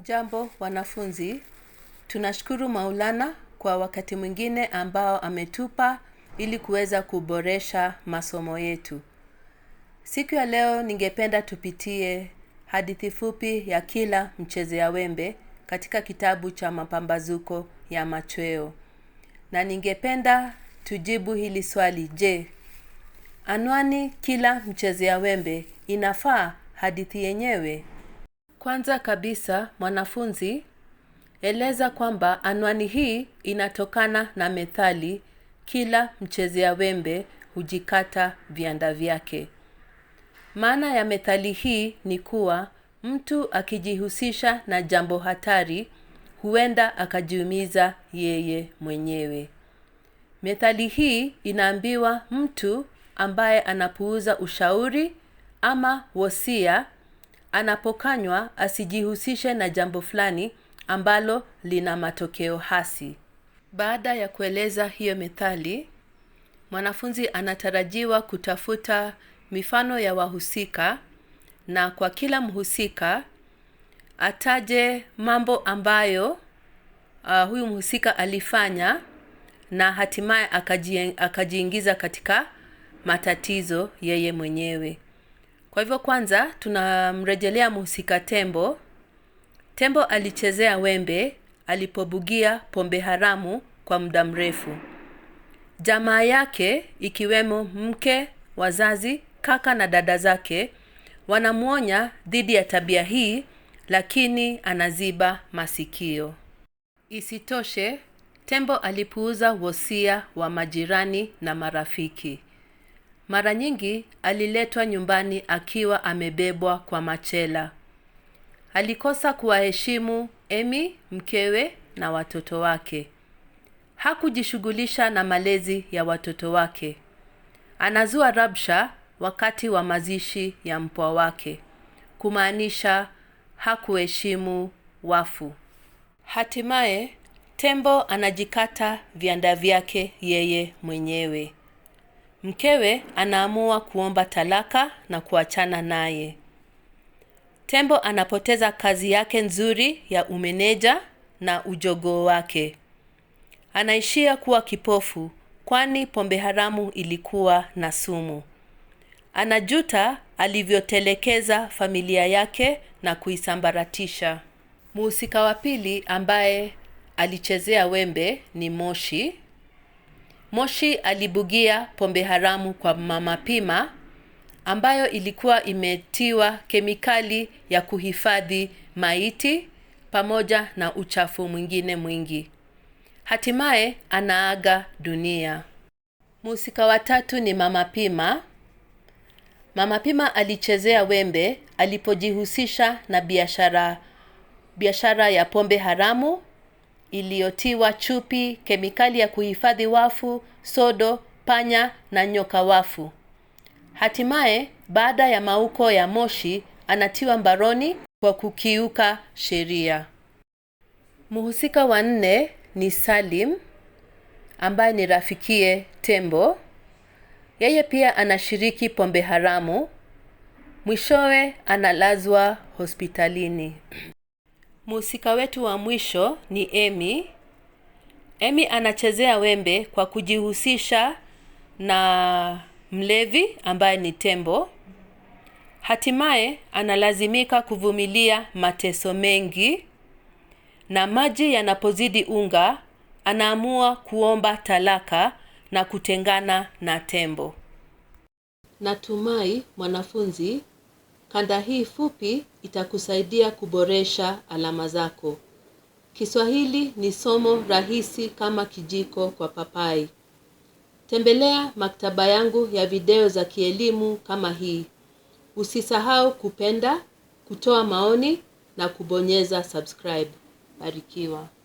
Hamjambo wanafunzi, tunashukuru Maulana kwa wakati mwingine ambao ametupa ili kuweza kuboresha masomo yetu. Siku ya leo ningependa tupitie hadithi fupi ya Kila Mchezea Wembe katika kitabu cha Mapambazuko ya Machweo, na ningependa tujibu hili swali. Je, anwani Kila Mchezea Wembe inafaa hadithi yenyewe? Kwanza kabisa, mwanafunzi, eleza kwamba anwani hii inatokana na methali kila mchezea wembe hujikata vianda vyake. Maana ya methali hii ni kuwa mtu akijihusisha na jambo hatari huenda akajiumiza yeye mwenyewe. Methali hii inaambiwa mtu ambaye anapuuza ushauri ama wosia Anapokanywa asijihusishe na jambo fulani ambalo lina matokeo hasi. Baada ya kueleza hiyo methali, mwanafunzi anatarajiwa kutafuta mifano ya wahusika na kwa kila mhusika ataje mambo ambayo uh, huyu mhusika alifanya na hatimaye akajiingiza katika matatizo yeye mwenyewe. Kwa hivyo kwanza tunamrejelea mhusika Tembo. Tembo alichezea wembe alipobugia pombe haramu kwa muda mrefu. Jamaa yake ikiwemo mke, wazazi, kaka na dada zake wanamwonya dhidi ya tabia hii lakini anaziba masikio. Isitoshe, Tembo alipuuza wosia wa majirani na marafiki. Mara nyingi aliletwa nyumbani akiwa amebebwa kwa machela. Alikosa kuwaheshimu emi mkewe na watoto wake. Hakujishughulisha na malezi ya watoto wake. Anazua rabsha wakati wa mazishi ya mpwa wake, kumaanisha hakuheshimu wafu. Hatimaye tembo anajikata vianda vyake yeye mwenyewe mkewe anaamua kuomba talaka na kuachana naye. Tembo anapoteza kazi yake nzuri ya umeneja na ujogoo wake. Anaishia kuwa kipofu kwani pombe haramu ilikuwa na sumu. Anajuta alivyotelekeza familia yake na kuisambaratisha. muhusika wa pili ambaye alichezea wembe ni Moshi Moshi alibugia pombe haramu kwa Mama Pima ambayo ilikuwa imetiwa kemikali ya kuhifadhi maiti pamoja na uchafu mwingine mwingi. Hatimaye anaaga dunia. Mhusika wa tatu ni Mama Pima. Mama Pima alichezea wembe alipojihusisha na biashara biashara ya pombe haramu iliyotiwa chupi, kemikali ya kuhifadhi wafu, sodo, panya na nyoka wafu. Hatimaye, baada ya mauko ya Moshi, anatiwa mbaroni kwa kukiuka sheria. Mhusika wa nne ni Salim ambaye ni rafikie Tembo. Yeye pia anashiriki pombe haramu. Mwishowe analazwa hospitalini. Mhusika wetu wa mwisho ni Emi. Emi anachezea wembe kwa kujihusisha na mlevi ambaye ni tembo. Hatimaye analazimika kuvumilia mateso mengi na maji yanapozidi unga anaamua kuomba talaka na kutengana na tembo. Natumai mwanafunzi Kanda hii fupi itakusaidia kuboresha alama zako. Kiswahili ni somo rahisi kama kijiko kwa papai. Tembelea maktaba yangu ya video za kielimu kama hii. Usisahau kupenda, kutoa maoni na kubonyeza subscribe. Barikiwa.